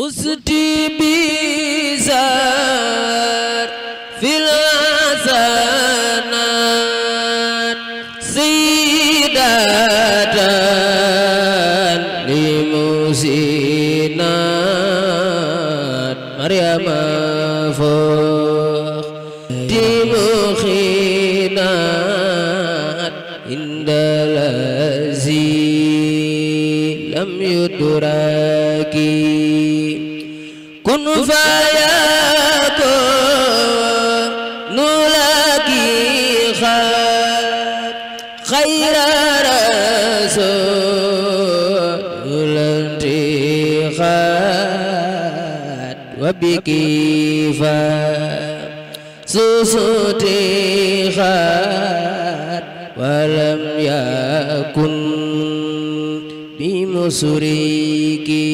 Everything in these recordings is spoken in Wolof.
فزتي بزار في الأزانات سيدة لمسينات مريم فوق دمخينات إن الذي لم يدرك nu fayaakoo nu laaki xaat xayra rasuulanti xaat wa biki faat suusuti xaat walam yakun bi musuriki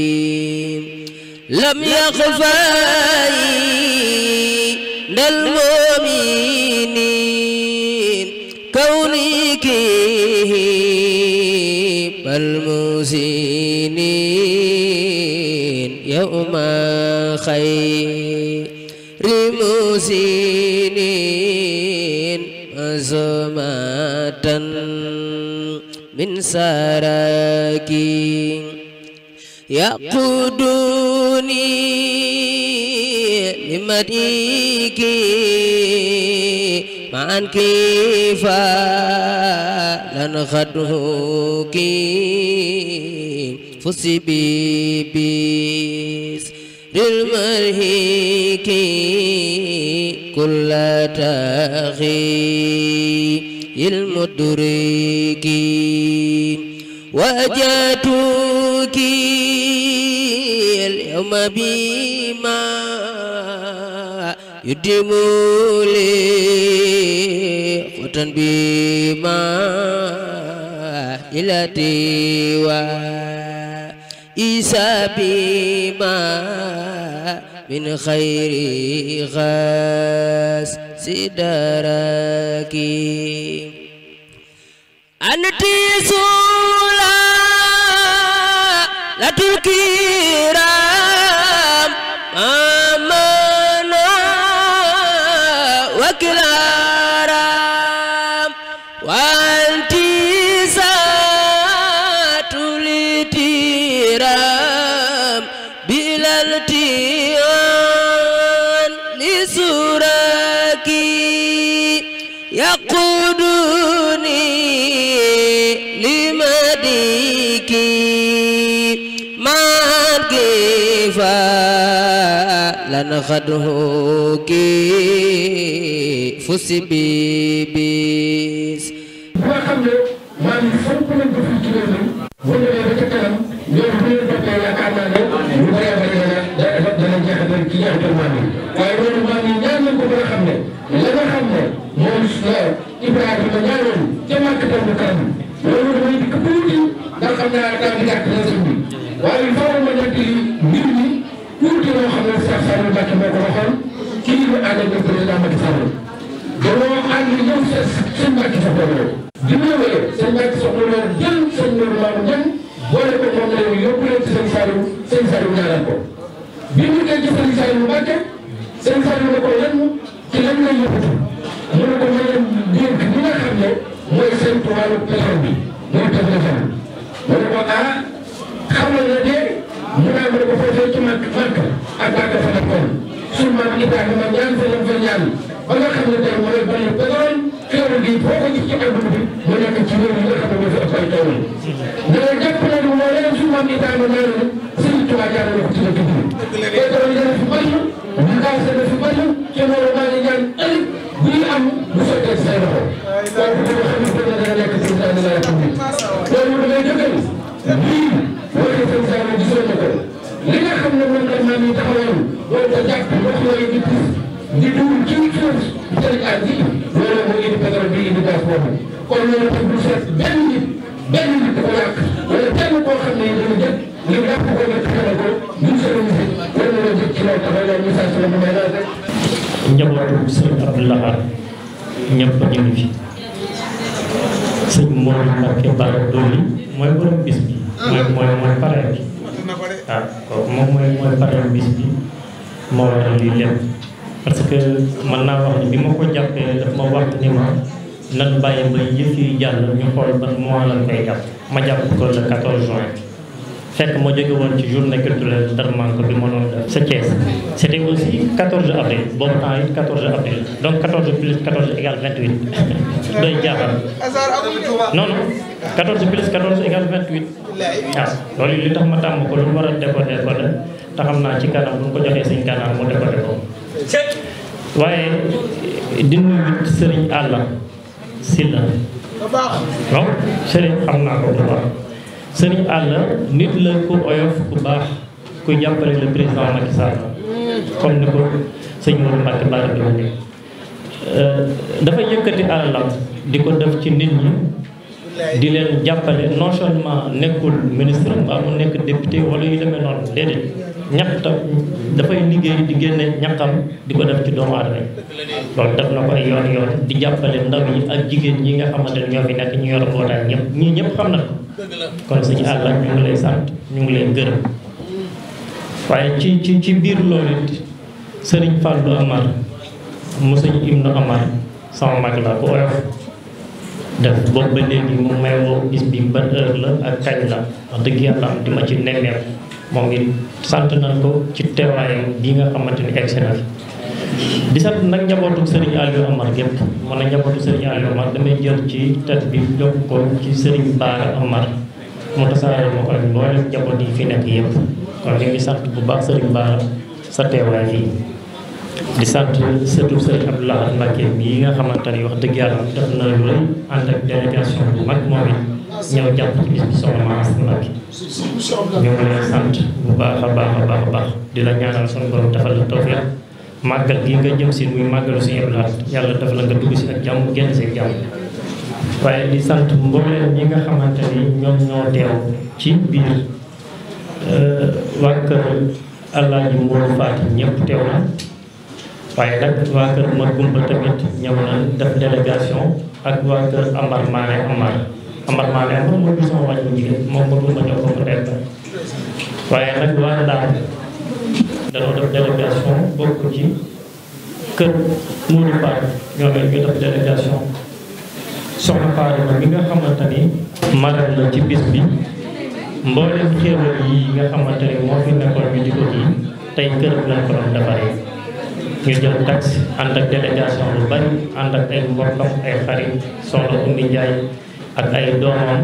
lam يخفاني من المؤمنين كونك بالمحسنين يوم خير المحسنين عظمة من سراكي يقود عيوني لمديك معا كيف لنخدوك فسي بيس للمرهيك كل تاخي المدرك وجاتوكي اليوم بما يديم لي خطا بما إلى تيوى إيسى بما من خير غاس سدركي أنت سولا لا تركي يقودني لمديك معك فلن خدهك فسبي بيس waaye loolu maa ngi ñaan ko ba nga xam ne la nga xam ne frère Ibrahima ñaanal ca màggatal bu kanam loolu damay dikk tuuti ndax xam naa temps bi gàtt na sëñ bi waaye il faut ma nekk mbir mi tuuti loo xam ne Cheikh Saliou Mbacke moo ko waxoon kii bi ànd ak président Macky Sall dañoo ànd ñëw sa sëñ Mbacke soxla loolu bi mu ñëwee sëñ Mbacke soxla loolu jël sëñ Nourou Mamadou Ndiaye boole ko moom la yow yóbbu leen ci sëñ Saliou sëñ Saliou ñaanal ko bi mu nekkee ci sëñ Saliou Mbacke sëñ Saliou ne ko lan ci lan lay yóbbu mu ne ko leen dénk li nga xam ne mooy seen wàllu pétrole bi mooy pétrole bi mu ne ko ah xam nga ne de mu ne mu ne ko foofee ci màkk màkk ak màkk fa nekkoon suñu maam Ibrahima ñaan fa lam fa ñaan ba nga xam ne tey mooy bañu pétrole xeeru gi boo ko gis ci àdduna bi mu nekk ci réew yi nga xam ne ñoo fi ëpp ay tool da nga jàpp ne lu moo leen suñu maam Ibrahima ñaanoon sëñ Tuubaa jaar na ko ci dëkk bi pétrole yi dana fi bëri gaz dana fi bëri te loolu maa ngi ñaan ëllëg lii am bu sottee say loxo kooku dina xam ne dina nekk ci sa laxaar ñëpp ñu ngi fi sëñ Mor Mbacke Bara Dolly mooy borom bis bi mooy mooy mooy bi waaw ah, kooku moom mooy mooy pare bis bi moo waral lii lépp parce que mën naa wax ni bi ma ko jàppee daf ma wax ni ma nan bàyyi ba yëf yi jàll ñu xool ban mois lañ koy jàpp ma jàpp ko le 14 juin fekk ma jóge woon ci journée culturelle Darmanko bi ma doon def sa Thiès c' était aussi 14 avril boobu temps yi 14 avril donc 14 plus 14 égale 28 doy jaaxal non non 14 plus 14 égale 28 waaw ah, loolu li tax ma tàmm ko lu mu war a décoder ko la te naa ci kanam bu ñu ko joxee suñ kanam mu décoder ko waaye di nuyu Serigne Alla Sylla non Serigne xam naa ko bu baax sëriñ Alla nit la ku oyof ku baax ku jàppale le président Macky Sall comme ko sëñ Modou euh, di ko def ci nit ñi di leen jàppale nekkul ministre mbaa mu nekk député wala yu demee noonu déedéet ñaxta dafay liggéey di génne ñaqam di ko def ci doomu aadama loolu def na ko ay yoon yoon di jàppale ndaw yi ak jigéen ñi nga xamante ne ñoo fi nekk ñu yor mbootaay ñëpp ñii xam na kon suñu àll ñu ngi lay sant ñu ngi lay gërëm waaye ci ci ci biir loolu it sëriñ Fallou Amar mu sëñ Ibnu Amar sama mag la ko oyof def boobu ba léegi mu may woo bis bi ban heure la ak kañ la wax dëgg yàlla di ma ci nemmeeku moom it sant nañ ko ci teewaayam bi nga xamante ni egg di sant nag njabootu Serigne Aliou Amar gépp man a njabootu Serigne Aliou Amar damay jël ci tet bi yokk ko ci Serigne Bara Amar mu tasaare ma ko ak njaboot yi fi nekk yëpp kon ñu sant bu baax Serigne Bara sa teewaay yi di sant surtout Serigne Abdoulaye Mbacke yi nga xamante ni wax dëgg yàlla def na lu rëy ànd ak délégation bu mag moom it ñëw jàpp ci bis bi Maas Mbacke ñu lay sant bu baax a baax a baax a baax di la defal la màggal gi nga jëm si muy màggalu si Abdou yàlla dafa la nga dugg si ak jàmm genn si ak jàmm waaye di sant mbooleem ñi nga xamante ni ñoom ñoo teew ci biir euh, waa kër Alaaji Mboolu Faati ñëpp teew na waaye nag waa kër Mar Gumba tamit ñëw na def délégation ak waa kër Amar Maane Amar Amar Maane Amar mooy sama wàññi jigéen moom Mar Gumba ñoo ko mu waaye nag waa daal danoo def délégation bokk ci kër Mourou Paye ñoo ngi ñu def délégation soxna Paye ma mi nga xamante ni maral la ci bis bi mboolem xéewal yi nga xamante ni moo fi nekkoon ñu di ko kii tey kër lañ ko doon defaree ñu jël taxi ànd ak délégation lu bari ànd ak ay mbokkam ay xarit soxna Oumy Ndiaye ak ay doomam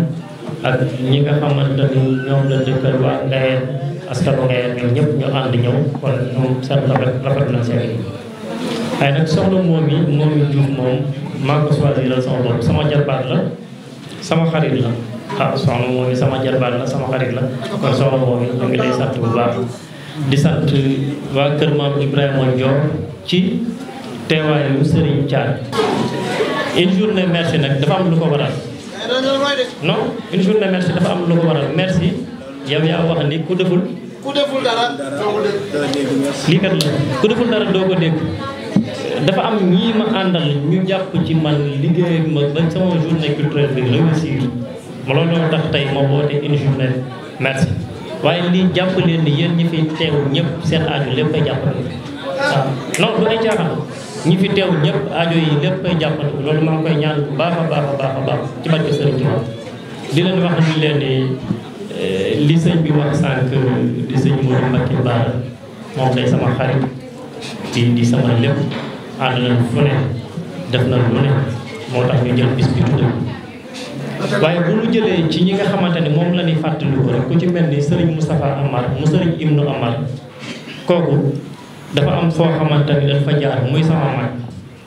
ak ñi nga xamante ni ñoom la dëkkal waa Ngayeen askanu Ngayeen ñoom ñëpp ñu ànd ñëw kon moom seen rafet rafet na seen i waaye nag soxna moom yi moom yi Diouf moom maa ko choisiral sama bopp sama jarbaat la sama xarit la ah soxna moom yi sama jarbaat la sama xarit la kon soxna moom yi ñu ngi lay sant bu baax di sant waa kër maam Ibrahima Ndior ci teewaayu Serigne Thiar une journée merci nag dafa am lu ko waral non une journée merci dafa am lu ko waral merci yow yaa wax ni ku deful ku deful dara doo ko dégg. dafa am ñii ma àndal ñu jàpp ci man liggéey ak ma ba sama journée culturelle bi réussir ma loolu doon tax tey ma woote une journée merci waaye lii jàpp leen ni yéen ñi fi teew ñëpp seen aajo lépp ay jàppale waaw ah, non du yi lépp ay jàppale loolu maa koy ñaan bu baax a baax a baax a baax ci barke Sëriñ Tuubaa di leen wax ni leen Eh, li bi wax sànq di sëñ Modou Mbacké Bara moom day sama xarit di di sama lépp ànd na lu ne def na lu ne moo tax ñu jël bis bi waaye bu ñu jëlee ci ñi nga xamante ni moom la ñuy fàttali rek ku ci mel ni sëriñ Moustapha Amar mu sëriñ Ibnu Amar kooku dafa am foo xamante ni dafa jaar muy sama mag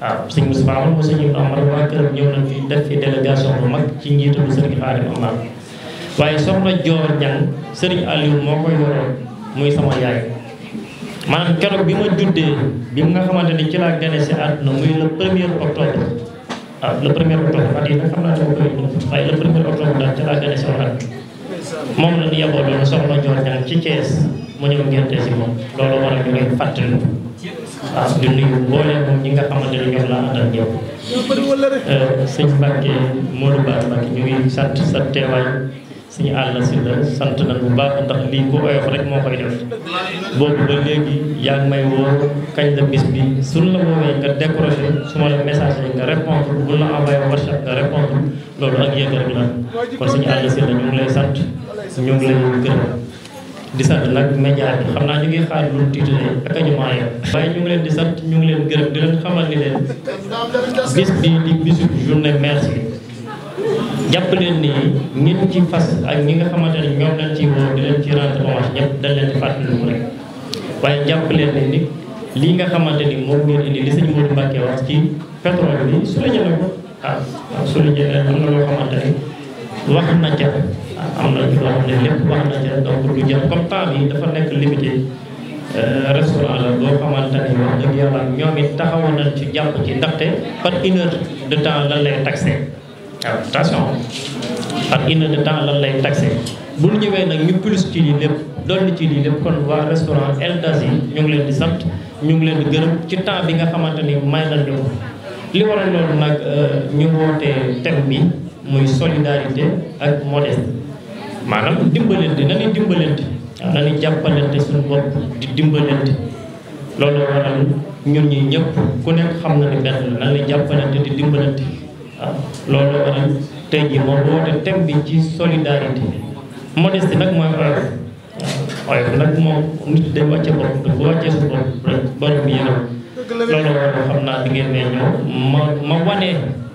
waaw sëñ Moustapha Amar mu sëriñ Ibnu Amar waa këram ñëw nañ fi def fi délégation bu mag ci njiitalu sëriñ Xaadim Amar waaye soxna joor ñang sëriñ Aliou moo koy yoroon muy sama yaay maanaam keroog bi ma juddee bi nga xamante ci laa gane si àdduna muy le premier octobre ah ne koy si waat moom la ñu yeboo doon soxna joor ñang ci Thiès a ñu ngay fàttali waaw ah, di nuyu mboolee moom ñi nga xamante ñoom laa àndal ñëw euh, sëñ Mbacke Modou Ba Mbacke ñu ngi sant sa suñu àll si la sant nañ bu baax ndax lii bu oyof rek moo koy def boobu ba léegi yaa may woo kañ la bis bi suñ la woowee nga décroché su ma la message yi nga répondre nga répondre loolu ak yëg rek la kon suñu àll si la ñu ngi lay sant ñu ngi lay gërëm di sant nag média bi xam naa ñu ngi xaar lu tiitalee ak ñu maaye waaye ñu ngi leen di sant ñu ngi leen gërëm di leen xamal ni leen bis bi di bisu journée merci jàpp leen ni ñin ci fas ak ñi nga xamante ne ñoom lañ ci woo di leen ci rendre hommage ñëpp dañ leen ci fàttali mu rek waaye jàpp leen ne lii nga xamante ni moom ngeen indi li sëñ Modou Mbacké wax ci pétrole bi su la jëlee am na loo xamante ni wax na ca ah, am na xam na ca donc lu jël comme temps bi dafa nekk limité euh, restaurant la boo xamante ne wax dëgg yàlla ñoom it ci jàpp ci ndaxte par une heure de temps lan lay taxé attention ak une heure de temps lan lay taxé bu ñu ñëwee nag ñu plus ci lii lépp dolli ci lii lépp kon waa restaurant El ñu ngi leen di sant ñu ngi leen di gërëm ci temps bi nga xamante ni may nañu ko li waral loolu nag euh, ñu wootee thème bi muy solidarité ak modeste maanaam dimbalante na ni dimbalante waaw na ni jàppalante suñu bopp di dimbalante loolu waral ñun ñi ñëpp ku nekk xam na ni benn la na ni jàppalante di dimbalante ah loolu maanaam tey jii moo woote thème bi ci solidarité modeste nag mooy oyof waaye nag moom nit day wàcce borom te bu wàccee sa borom borom yéenam loolu moo xam naa di ngeen ne ñëw ma ma wane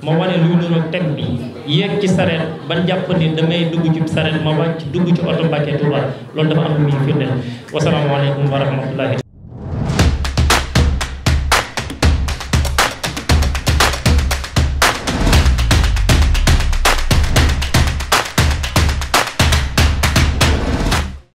ma wane luy niroog ci sareet ba jàpp ni damay dugg ci sareet ma wàcc dugg ci oto Mbàkke loolu dafa lu muy firndeel wasalaamaaleykum